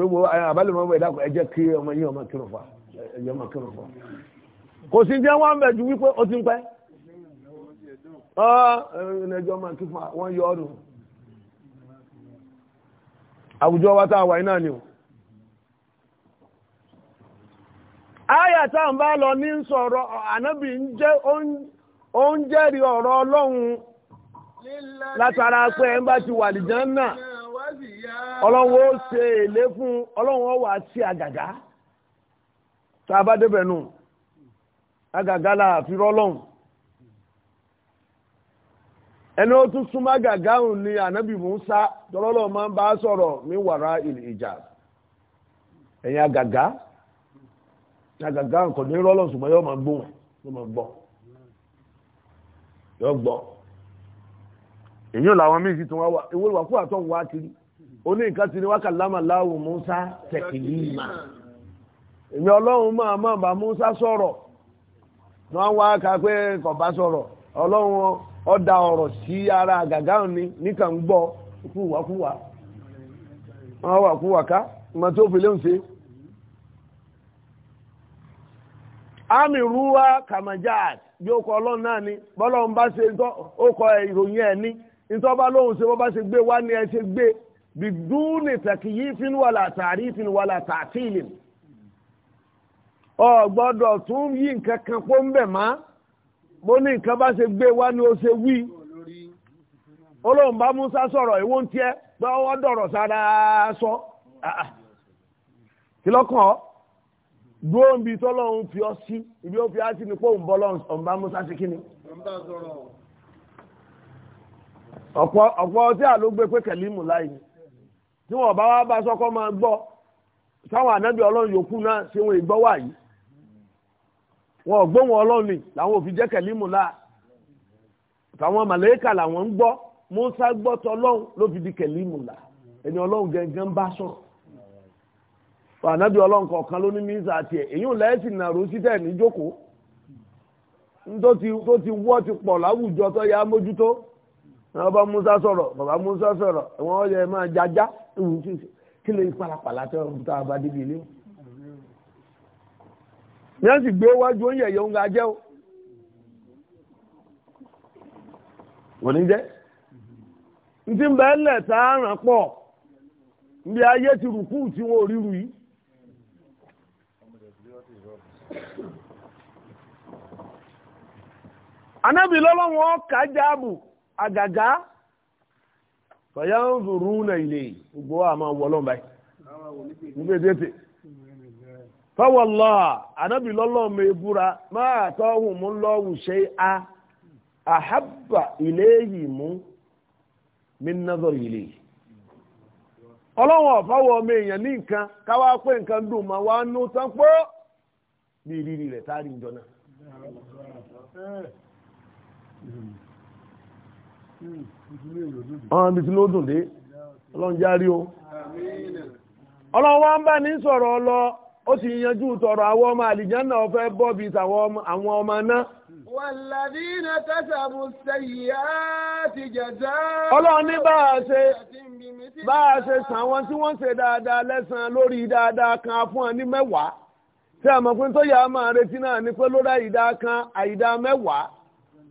pé mo àbálẹ̀ mọ́ ẹ̀dá ẹ jẹ́ kí ọmọ yín ọmọ kírun fa ẹ̀yẹ ọmọ kírun fa kò sí bẹ̀ ju wípé ti ń pẹ́ fa yọ ọdún àwùjọ wa wà iná ni o bá lọ ní sọ̀rọ̀ ànábì ń jẹ́ ọ̀rọ̀ ọlọ́run látara pé ọlọ́run ó ṣe èlé fún ọlọ́run ó wà sí àgàgà tá a bá débẹ̀ nù àgàgà la fi rọ́lọ́run ẹni ó tún súnmọ́ àgàgà òun ni ànábì Mùsá tọ́lọ́lọ́ máa ń bá sọ̀rọ̀ ní wàrà ìjà ẹ̀yìn àgàgà àgàgà nǹkan ní yóò máa yóò máa gbọ́ yóò làwọn wá wà ìwé ìwàkúwà tó ń oní ní nǹkan ti ní wákàlámà láwù Musa tẹ̀kìlímà èmi ọlọ́run máa máa bá Musa sọ̀rọ̀ wọ́n wá ká pé kò bá sọ̀rọ̀ ọlọ́run ọ̀dà ọ̀rọ̀ sí ara àgàgà ni nìkan gbọ́ kúwàkúwà wọ́n wà kúwà ká tó fi léhùn sí. rúwá kàmájáàt kọ ọlọ́run náà ni bá ṣe ó kọ ìròyìn ẹ̀ ní ìtọ́ bá lóhùn ṣe bá ṣe gbé wá ẹ bidúni takiyifin wala tarifin wala ta'tilin ọ gbọ́dọ̀ tún yí nǹkan kan kó ń bẹ̀ má bó ní nǹkan bá ṣe gbé wá ni ó ṣe wí olóhùn bá Musa sọ̀rọ̀ ìwọ ń tiẹ̀ gbọ́ ọwọ́ dọ̀rọ̀ sára sọ kí lọ́kàn ọ́ dúró ń bi tọ́lọ́hún fi ọ́ sí ibi ó fi á sí ni pé òun bọ́ lọ́hún bá Musa sí kíni ọ̀pọ̀ ọ̀pọ̀ ọtí àlógbé pé kẹ̀lí mù láyé tí wọn bá wá bá sọ́kọ́ máa gbọ́ sáwọn ànábì ọlọ́run yòókù náà ṣé wọn ìgbọ́ wà yìí wọn ò gbóhùn ọlọ́run ni làwọn ò fi jẹ́ kẹ̀límù tàwọn màlẹ́kà làwọn ń gbọ́ Musa gbọ́ tọlọ́run ló fi di kẹ̀límù láà ẹni ọlọ́run gẹ́gẹ́ ń bá sọ̀rọ̀ ànábì ọlọ́run kọ̀ọ̀kan ló ní mísà tiẹ̀ èyí ò lẹ́sìn nàró sí tẹ̀ ní jókòó tó ti tó ti wọ́ ti pọ̀ láwùjọ tó yá mójútó bàbá Musa sọ̀rọ̀ bàbá Musa sọ̀rọ̀ wọ́n yẹ máa jájá kí ló ìparapàlà tó ń tọ́ abá débi ilé o. yẹn sì gbé wájú oúnjẹ yẹn ń ga jẹ́ o. wọ́n ní jẹ́ ntí ń bẹ́ẹ̀ lẹ̀ tá a ràn pọ̀ níbi ayé ti rùkú tí wọ́n ò ríru yìí. anábì lọ́lọ́wọ́n kájáàbù àgàgà. fàyà ń zòrú nà gbogbo a ma wọ báyìí nígbà èdè tè anábì lọ́lọ́ mi búra máa mú lọ́wù ṣe a àhábà ilé yìí mú mi nàzọ̀ ilé ọlọ́wọ̀n fáwọ̀ ọmọ èèyàn ní nǹkan káwá pé nǹkan dùn máa wá nú tán ọ̀ràn bí tí ló dùn dé ọlọ́run járí o ọlọ́run wá bá ní sọ̀rọ̀ ọlọ ó sì yanjú tọrọ àwọn ọmọ àlìjánà ọ̀fẹ́ bọ́ọ̀bì àwọn ọmọ náà. wàlàdínà kásábù sẹ́yìí àti jàdá. ọlọ́run ní bá a ṣe bá tí wọ́n ṣe dáadáa lẹ́sàn lórí dáadáa kan fún ọ ní mẹ́wàá tí máa retí náà kan mẹ́wàá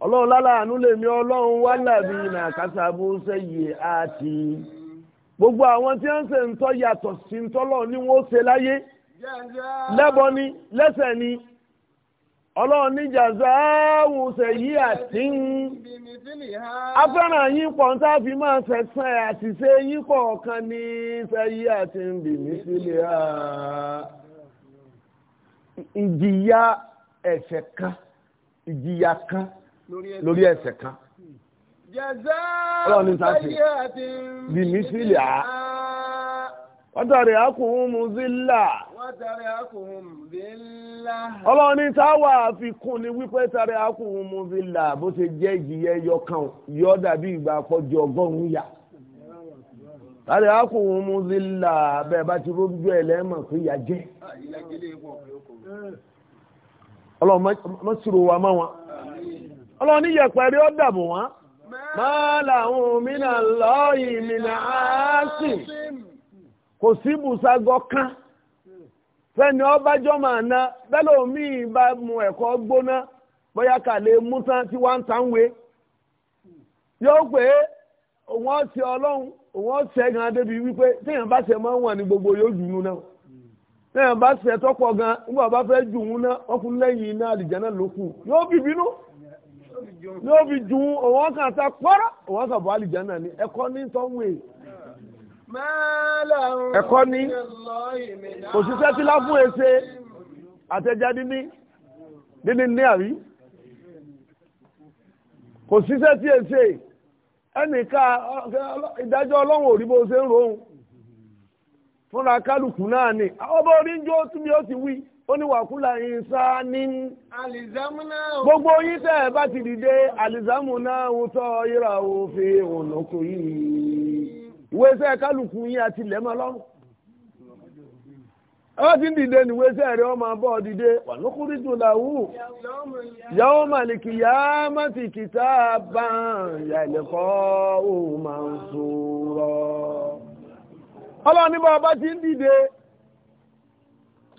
ọlọ́run lálàánú mi ọlọ́run wá làbí nà kásábù sẹ́yì àti gbogbo àwọn tí wọ́n ń si ńtọ́ yàtọ̀ sí ńtọ́lọ́ ni wọ́n ṣe láyé ni lẹ́sẹ̀ ni ọlọ́run ní ahụ sẹ́yì àti ń afẹ́ràn yín pọ̀ ń tá a fi máa àti ṣe yín pọ̀ kan ní sẹ́yì àti ń bì mí sílẹ̀ ìjìyà ẹ̀ṣẹ̀ kan ìjìyà kan. lórí ẹ̀ṣẹ̀ kan. ọlọ́run ní sáàsì bí mísílì á. wọ́tàrí akùnrin muzilla. wọ́tàrí akùnrin muzilla. ọlọ́run ní sáwà àfikún ni wípé tàrí akùnrin muzilla bó ṣe jẹ́ ìjìyẹ yọkan yọ dàbí ìgbà àkọ́jọ ọgọ́rùn-ún yà. tàrí akùnrin muzilla bẹ́ẹ̀ bá ti rójú ẹ̀ lẹ́mọ̀ pé ìyà jẹ́. Ah, ọlọ́run mọ́sùrù wa máa wọn. ọlọ́run ní yẹ̀pẹ̀ rí ó dàbò wọ́n máa làwọn òmìnà lọ́ọ̀yì ìmìnà áásì kò sí ibùsàgọ́ kan fẹ́ni ọbájọ́ máa ná bẹ́lẹ̀ omi ìbá mu ẹ̀kọ́ gbóná bóyá mú tán tí wọ́n ń ta wé yóò pé ọlọ́run débi wípé téèyàn bá ṣe ń wà ní gbogbo yóò jù téèyàn bá ní ó fi jùn òun kàn ta pọ́rọ́ òun kàn bọ́ àlìjáná ni ẹ̀kọ́ ní tọ́wọ́ èyí ẹ̀kọ́ ní kò sí sẹ́tílá fún ẹsẹ àtẹ̀jáde ní nínú ní àrí kò sí sẹ́tí ẹsẹ ẹnìká ìdájọ́ ọlọ́run òrí bó ṣe ń rohun fúnra kálukú náà ni ọba orí ń jó tún bí ó ti wí ó ní wàkúlà ìsá ní gbogbo yín tẹ́ ẹ bá ti dìde àlìzámù náà ń tọ́ ìrà òfin ònàkùn yìí ìwé iṣẹ́ kálukú yín àti lẹ́mọ lọ́rùn ẹ ti ń dìde níwé iṣẹ́ rẹ̀ ọmọ bọ́ dìde wà lókùnrin tó làwù yàwó màlìkì yá mọ́tì kìtà bá yàlẹ́kọ́ òun máa ń sọ̀rọ̀ ọlọ́run ní bá ti dìde.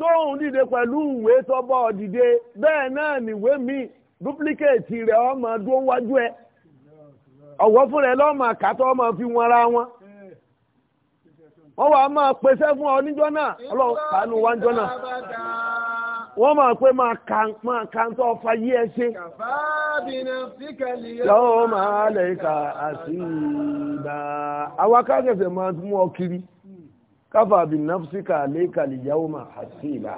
tóun dìde pẹ̀lú ìwé tọ́bọ̀ dìde bẹ́ẹ̀ náà nìwé mi duplicate rẹ̀ ọmọ dúró wájú ẹ ọ̀wọ́ fún rẹ̀ lọ́mọ àkàtọ́ ọmọ fi wọn wọn wọ́n wàá máa pèsè fún ọ níjọ́ náà ọlọ́run kàánú wá níjọ́ náà wọ́n máa máa kà máa ọfà ẹ káfà bí nafsika àlékà lè yàwó mà àṣìlá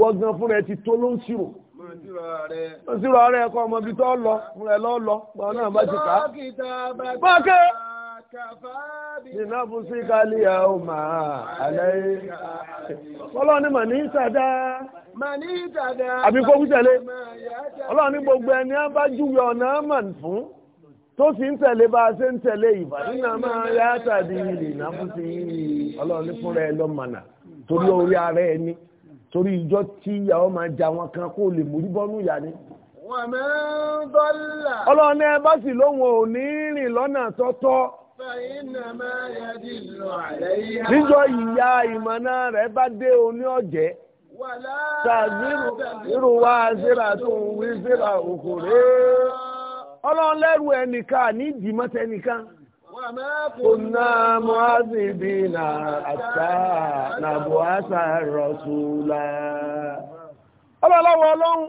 wọ́gán fúnra ẹ ti tó ló ń ṣírò ó ṣírò ara ẹ kọ́ ọmọbi tó lọ fúnra ẹ lọ́ lọ gbọ́n náà bá ti kà á. bákẹ́ bí nafsika lè yàwó mà àlẹ́ ọlọ́ọ̀ni mà ní sàdá àbí kókú ọlọ́ọ̀ni gbogbo ẹni á bá júwe ọ̀nà mà fún. tosi sì ń bá a ṣe ìbàdínà máa yá tàbí ìrìnà fún sí ọlọ́run fúnra torí orí ara ẹ ni torí ìjọ tí ìyàwó ja wọn kan kó lè mórí bọ́nú ya ni. ọlọ́run bá sì lóhun ò ní rìn lọ́nà ìyá ọlọ́run lẹ́rù ẹnìkan ní ìdìmọ́ tẹnìkan. Kùnà bí nà àtà nà Bùhásà Rọ̀ṣùlà. Ọlọ́lọ́wọ́ ọlọ́run,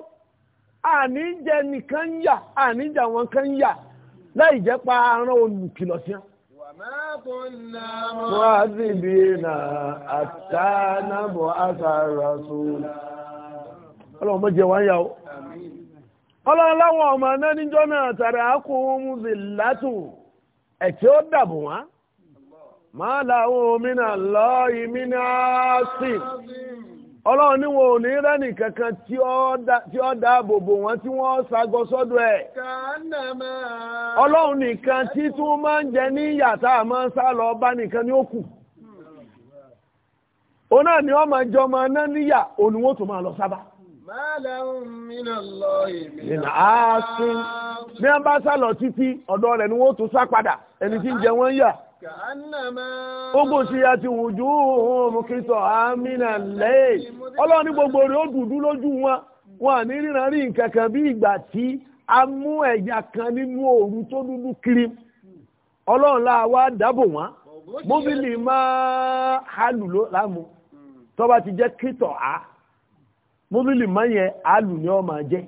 àní a nìkan yà, àní wọn kan yà, láì jẹ́ pa arán olùkìlọ̀ sí wọn. bí nà àtà nà Bùhásà Rọ̀ṣùlà. Ọlọ́run mọ́ ọlọ́láwọn ọmọ náà níjọ́ àtàrà tàrà zìlátù ẹ̀tí ó dàbò wá máa láwọn òmìnà lọ ìmìnà sí ọlọ́run ní wọn ò ní kankan tí ó dáàbò bò wọ́n tí wọ́n sago sọ́dọ̀ ẹ̀ ọlọ́run nìkan tí tún máa ni ọmọ ìjọ níyà òun ni lọ sábà. nínú àásín bí wọ́n bá sálọ títí ọ̀dọ̀ rẹ̀ ni wọ́n tún sá padà ẹni tí ń jẹ wọ́n yà. Ogun sí lẹ́yìn. Ọlọ́run ní gbogbo rẹ̀ ó kan bí ìgbà tí a mú ẹ̀yà kan nínú òru tó dúdú kiri. Ọlọ́run la dábò wọ́n. Móbìlì máa hálù láàmú. Hmm. Tọ́ba ti jẹ́ á. múlùlì mọ́ alụ àlù ni ọ ma jẹ́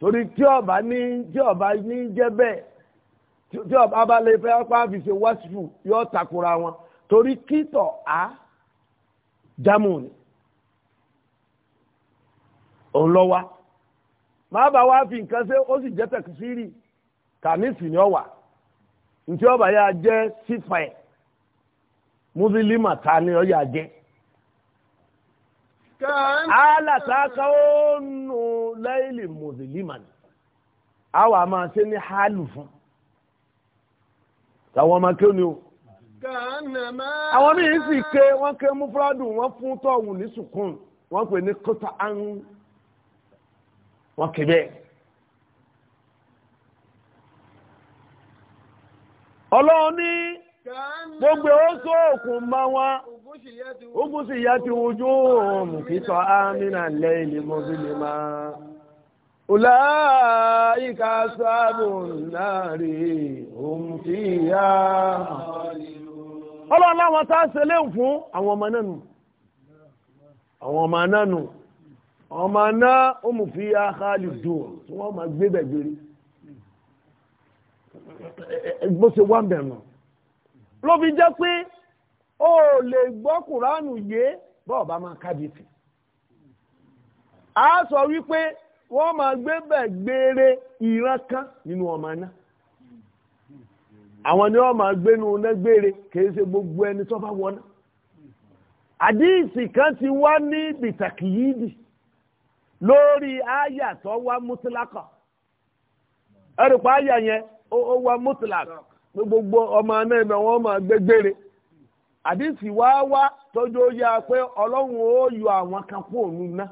torí tí ọba ní tí ọba ní jẹ́ bẹ́ẹ̀ tí ọba bá lè fẹ́ pa fi ṣe wáṣífù yọ takora wọn torí kítọ̀ á jámù ni òun lọ wá wá fi nǹkan ṣe ó sì jẹ́ tẹ̀kísírì kànífì ni ọ wà ntí ọba yà jẹ́ sífà ẹ̀ múlùlì mà ni ọ yà jẹ́. alàtàkàónù láìlì mùsùlùmán àwa máa ṣe ní hálù fún tàwọn ọmọ kí ó ní o àwọn míì sì ké wọ́n ké múfúrádù wọ́n fún tọ́ọ̀hún ní sùkún wọ́n pè ní kóta án wọ́n ké bẹ́ẹ̀ gbogbo ó sóòkùn mọ́ wọn ogun sì yá ti wojú òun kìtọ́ amínà lẹ́yìn ni mo fi lè máa. أولئك أصحاب النار هم فيها Ọlọ́run láwọn tá ṣe léhùn fún àwọn ọmọ náà nù. Àwọn ọmọ náà nù. Ọmọ náà ó mú fi àkàlì dùn tí wọ́n máa gbé bẹ̀gbẹ̀rẹ̀. Bó ṣe wá bẹ̀rẹ̀ ló fi jẹ́ pé o lè gbọ́ kùránù yé bọ́ọ̀bá máa kábíyèsí a sọ wípé wọ́n máa gbé bẹ̀ gbére ìran kan nínú ọmọ náà àwọn ni wọ́n máa gbénu náà gbére kìí ṣe gbogbo ẹni tó bá wọná àdíìsì kan ti wá ní bìtàkìyídì lórí àyà tó wá mútìlákà ẹrù pa àyà yẹn ó wá mútìlákà. gbogbo ọmọ náà ibẹ̀ wọ́n máa gbégbére àdìsí wá wá tọ́jú ó yá ọlọ́run ó yọ àwọn kan kú òun ná.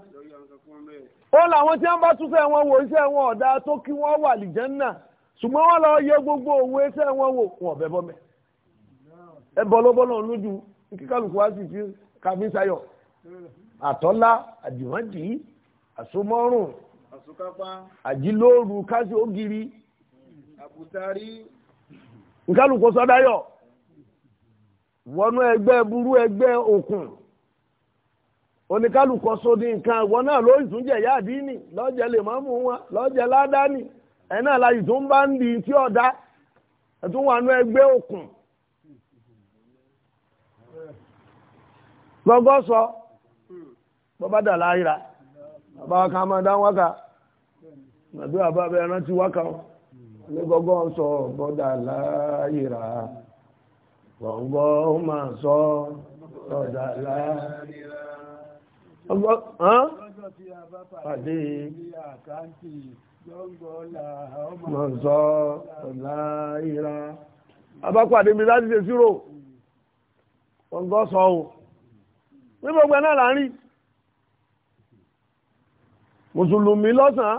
ó làwọn tí wọ́n bá túnṣe wọn wo iṣẹ́ wọn ọ̀dà tó kí wọ́n wà lìjẹ́nà ṣùgbọ́n wọ́n lọ yẹ gbogbo òun iṣẹ́ wọn wò bọ́ mẹ́. ẹ bọ́ ló nkálukú sọdáyọ̀ wọnú ẹgbẹ burú ẹgbẹ òkun oníkálukú sódì nǹkan wọn náà ló ìtúnjẹ yáàdí nì lọ́jẹ̀ lè máa mú wọn lọ́jẹ̀ ládání náà la ìtún bá ń di tí ọ̀dá òkun dá wákà nàdúrà bàbá wákà wọn. ní gbọ́gbọ́ sọ bọ́dà láàyè rà gbọ̀ngbọ́ ó máa sọ bọ́dà láàyè rà. lọ́jọ́ tí a bá pàdé ní àkáǹtì gbọ́ngbọ́ là ó máa mi láti ṣe sírò gbọ̀ngbọ́ sọ o ní gbogbo náà là ń lọ́sàn-án.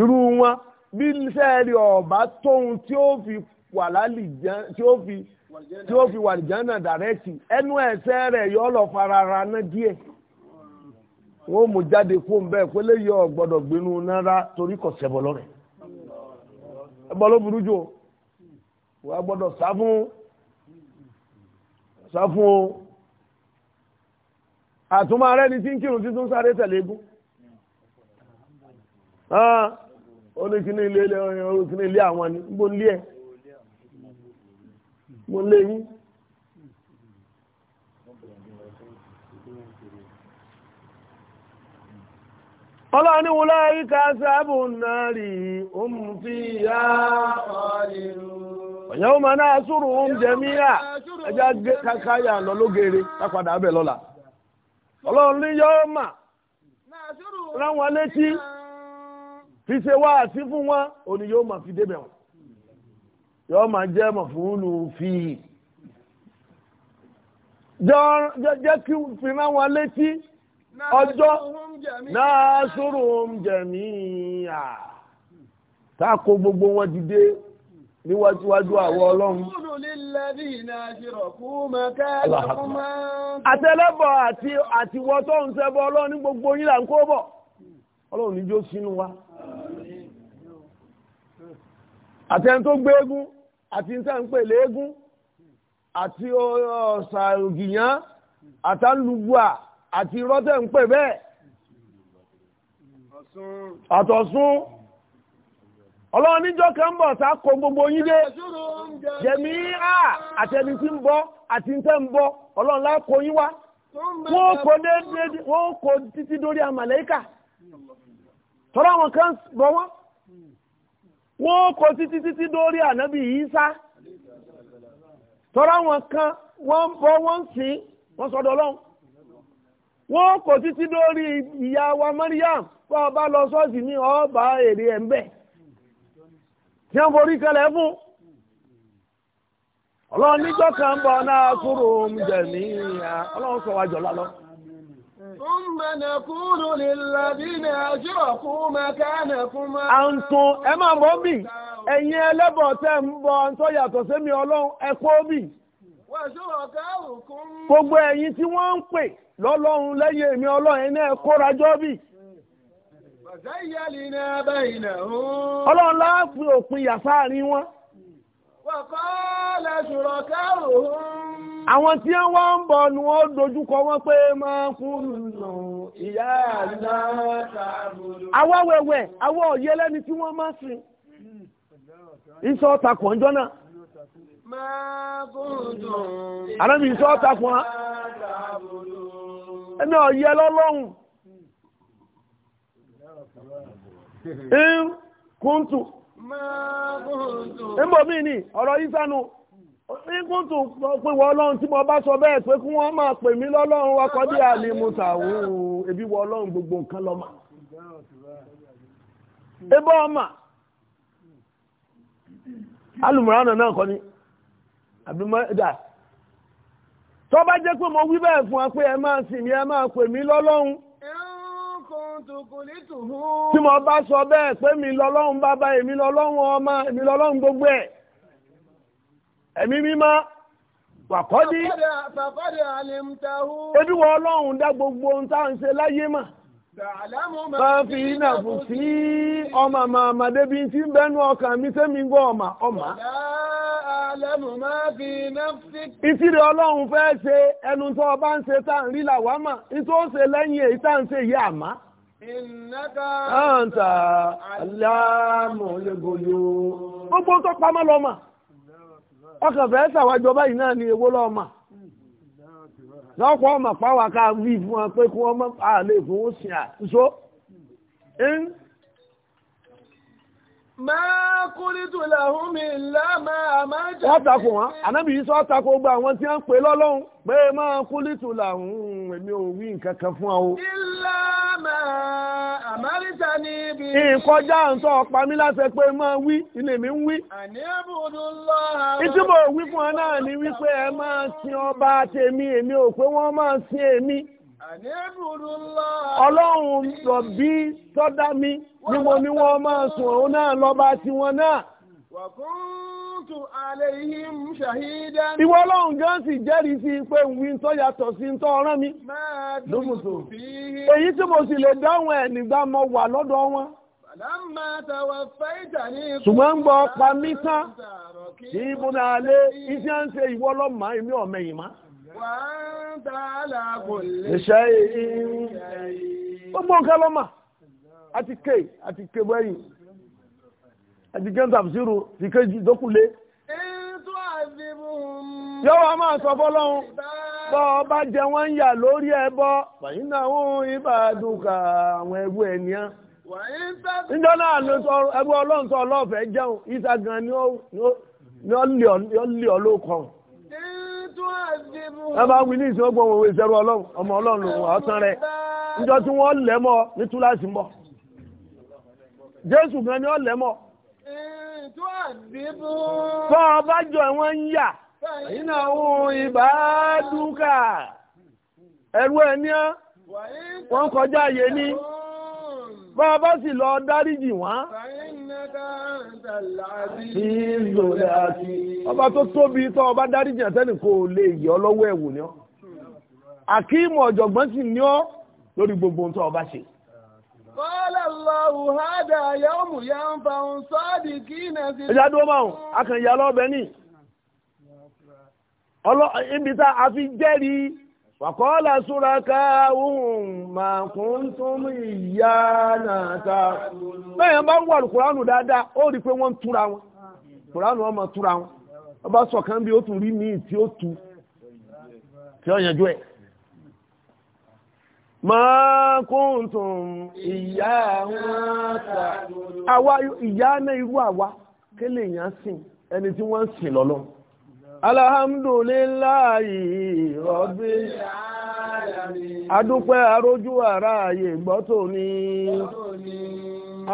irú wọn bí sẹ́ẹ̀rì ọ̀bá tóun tí ó fi wà lálìjẹ́ tí ó ẹnu ẹ̀sẹ̀ rẹ̀ yọ lọ fara ara ná díẹ̀ wọ́n mú jáde fún bẹ́ẹ̀ pé léyìí ọ̀ gbọ́dọ̀ gbénu náírà torí kò sẹ́bọ̀ lọ́rẹ̀ ẹgbọ́n ló burú jù wọ́n gbọ́dọ̀ sá fún sá fún o oníkíní ilé ilé oníkíní ilé àwọn ni mo lé yín. ọlọ́run ní wọlé ìka sábò náà rí òun fi yá ọ̀yẹ́ ó máa náà sùúrù oúnjẹ míyà ẹjá káyà lọ lógeere kápadà abẹ lọ́la ọlọ́run ní yọ́ mà ráwọn létí. fi ṣe wáàsí fún wọn òní yóò máa fi débẹ̀ wọn yóò máa jẹ́ mọ̀fúnlù fi jẹ́ kí fi rán wọn létí ọjọ́ náà sùrù jẹ̀mí à tá a kó gbogbo wọn dìde níwájúwájú àwọ ọlọ́run. àtẹlẹ́bọ̀ àti àtiwọ́ tó ń ṣẹbọ ọlọ́run ní gbogbo yín là ń kó bọ̀ ọlọ́run níjó sínú wa àti ẹni tó gbé eégún àti ní sẹ́yìn pè léégún àti ọ̀sà ògìyàn àtàlùgbà àti rọ́tẹ̀ ń pè bẹ́ẹ̀ àtọ̀sún ọlọ́run níjọ́ kan bọ̀ sá kó gbogbo yín dé jẹ̀mí à àtẹni tí ń bọ́ àti ń tẹ́ ń bọ́ ọlọ́run lákò yín wá wọ́n kò títí dórí àmàlẹ́kà tọ́lá àwọn kan bọ̀ wọ́n. wọ́n kọ títí títí dórí ànábì Ìsá tọ́ra wọn kan wọ́n ń bọ́ wọ́n ń wọ́n sọ́dọ̀ ọlọ́run wọ́n títí dórí ìyá wa ọba lọ sọ́ọ̀sì ní ọba èrè ẹ̀ ọlọ́run níjọ́ kan bọ̀ náà kúrò jẹ̀mí ọlọ́run sọ lálọ́. ثم نقول للذين أشركوا مكانكم أنتم ẹ máa bọ̀ bí ẹ̀yin ẹlẹ́bọ̀ tẹ́ ń bọ ohun tó yàtọ̀ sẹ́mi ọlọ́run ẹ kó bí. gbogbo ẹ̀yin tí wọ́n ń pè lọ́lọ́run lẹ́yìn èmi ọlọ́run ẹ̀ náà kóra jọ ọlọ́run láàpin òpin yàtọ̀ àárín wọn. wọ́n kọ́ lẹ́sùrọ̀ kẹ́rù hùn. àwọn tí wọ́n wá ń bọ̀ ní wọ́n dojúkọ wọ́n pé máa kúrùnà ìyá àná àwọn wẹ̀wẹ̀ àwọn òye lẹ́ni tí wọ́n máa sìn ìṣọ́ ọ̀tàkùn ọjọ́ náà àrẹ́bì ìṣọ́ ọ̀tàkùn á ẹni òye lọ́lọ́hùn ń kúntù ní kó tó pé wọ ọlọ́run tí mo bá sọ bẹ́ẹ̀ pé kí wọ́n máa pè mí lọ́lọ́run wakọ̀ dé àlèmùtà òun ebi wọ ọlọ́run gbogbo nǹkan lọ́mà ebe ọmà alùmùránà náà kọ́ ni àbímọ́dà tó bá jẹ́ pé mo wí bẹ́ẹ̀ fún wa pé ẹ máa sìn mí ẹ máa pè mí lọ́lọ́run tí mo bá sọ bẹ́ẹ̀ pé mi lọ́lọ́run bàbá èmi lọ́lọ́run ọmọ èmi lọ́lọ́run gbogbo ẹ̀ ẹ̀mí mímọ́ wàkọ́dí ebi wọ ọlọ́run dá gbogbo ohun tá à ṣe láyé mà máa fi iná fún sí ọmọ màmá débi tí ń bẹnu ọkàn mi sẹ́mi gbọ́ ọmọ ọmọ. Ìtìrì ọlọ́run fẹ́ ṣe ẹnu tó ọba ń ṣe tá rí làwá mà nítorí ó ṣe lẹ́yìn èyí tá ń ṣe yìí àmá. Ìnáka àǹtà Gbogbo tó pamọ́ ọkàn fẹ́ ṣàwájọ báyìí náà ni ewó lọ́ọ̀mà lọ́pọ̀ ọmọ pàwà ká wí fún wọn pé kí wọ́n mọ́ àlè fún ó sì máa kúrí làwọn mi lámà àmà jẹ́. wọ́n takò wọ́n ànábì yìí sọ́ takò gba ń pè lọ́lọ́run pé máa kúrí làwọn èmi ò wí nǹkan kan fún ọ. ìlànà àmárítà ní ibi. ìkọjá ǹsọ ọ̀pá mi láti pé máa wí ilé mi ń wí. àní ibùdó lọ. ìtumọ̀ wí fún ọ náà ni wípé ẹ máa sin ọba tèmi èmi ò pé wọ́n máa sin èmi. àní ibùdó lọ. ọlọ́run rọ̀bí tọ́dá mi ni mo ní wọ́n máa sùn òun náà lọ́ba tiwọn náà. wàkúrú kuntu alayhim shahidan. ìwọ ọlọ́run gan sì jẹ́rìí sí pé wí ń tọ́ yàtọ̀ sí ń mi. lómùsò èyí tí mo sì lè dáhùn ẹ̀ nígbà mo wà lọ́dọ̀ wọn. ṣùgbọ́n ń gbọ́ pa mí tán kì í bùnà alẹ́ iṣẹ́ ń ṣe ìwọ ọlọ́mọ èmi ọ̀mẹ̀yìn má. ìṣe ìgbóǹkà lọ́mà àti ké àti ké bẹ́yìn àti gẹ́ǹ tàbísírù ti kéjì dókúlé. yọ́wọ́ máa sọ fọ́lọ́hún bọ́ ọba jẹ wọ́n ń yà lórí ẹbọ fàyín náà ń ìbàdàn ka àwọn ẹbú ènìyàn. níjọ́ náà ẹbú ọlọ́run sọ ọlọ́ọ̀fẹ́ jẹun ìta gan ni ó lè ọ lóko. ẹ bá wí ní ìsìn ọgbọ̀n òwe ìṣẹ́rú ọlọ́run ọmọ ọlọ́run lòun ọ̀sán rẹ̀ níjọ́ tí wọ́n lẹ̀ mọ́ ní túláàsì mọ́ jésù gan ni ó lẹ̀ mọ́ àdìbò. Bọ́ ọba jọ wọ́n ń yà. Ìnà òun ìbádùkà. Ẹ̀rú ẹ̀ ní ọ́. Wọ́n kọjá àyè ní. Bọ́ ọba sì lọ dáríjì wọ́n. Ọba tó tóbi tọ́ ọba dáríjì àtẹ́nì kò lè yọ lọ́wọ́ ẹ̀wò ni ọ́. Àkíìmọ̀ ọ̀jọ̀gbọ́n sì ní ọ́ lórí gbogbo ohun tó ọba ṣe. ẹjá dúró máa akànyà lọ́bẹ̀ ní ibi tá a fi jẹ́rìí wàkọ́ọ́lá súra káàhùn máa kún tún ìyá náà ta bẹ́ẹ̀ bá ń wà dáadáa ó rí pé wọ́n ń túra wọn kùránù ọmọ túra wọn ọba sọ̀kan bí ó tún rí ó tu ma kóńtùn ìyá àwa awa náà irú àwa kí lè yàn sìn ẹni tí wọ́n ń sìn lọ́lọ́ alhamdulillahi rabbil alamin adúpẹ́ arójú ara ààyè gbọ́ tó ní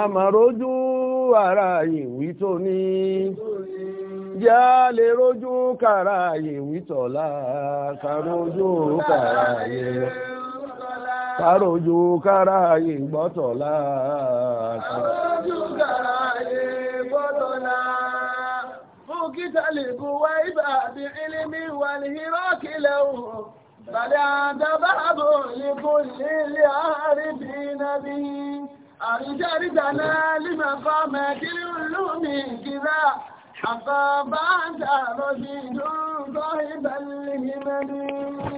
àmàrójú ara ààyè wí tó ní jẹ́ lè rójú kàrà ààyè wí tọ̀lá kàrójú kàrà Kàròjù kára ayé gbọ́tọ̀ láà. Kàròjù kára ayé gbọ́tọ̀ láà. Fún kíta lè bu wá ibà àti ilimi wà ní Hírọ́kì lẹ́wọ̀n. Bàdà àdábàbò lè kó nílé àárín bí nàbí. Àríjárí dáná límà fámẹ́ kiri olómi kìlá. Àfàbà ń tààrọ̀ sí ìdúró sọ́hìbà lè ní mẹ́rin.